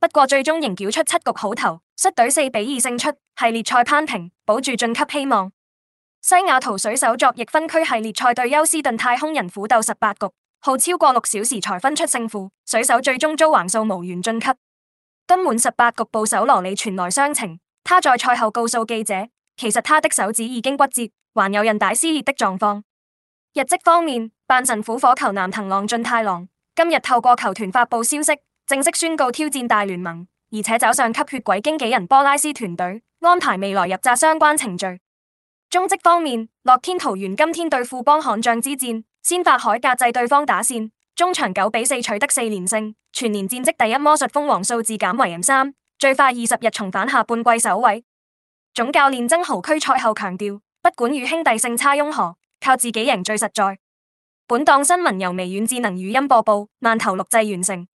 不過最終仍繳出七局好投，率隊四比二勝出，系列賽攀平，保住晉級希望。西雅圖水手作逆分區系列賽對休斯頓太空人苦鬥十八局，耗超過六小時才分出勝負。水手最終遭橫掃，無緣晉級。跟滿十八局捕手羅里傳來傷情，他在賽後告訴記者，其實他的手指已經骨折，還有韌帶撕裂的狀況。日積方面，阪神虎火球男藤浪晉太郎今日透過球團發布消息。正式宣告挑戰大聯盟，而且走上吸血鬼經紀人波拉斯團隊安排未來入閘相關程序。中職方面，樂天桃猿今天對富邦悍將之戰，先發海格制對方打線，中場九比四取得四連勝，全年戰績第一，魔術封王數字減為 M 三，最快二十日重返下半季首位。總教練曾豪駒賽後強調，不管與兄弟勝差雍何，靠自己贏最實在。本檔新聞由微軟智能語音播報，慢投錄製完成。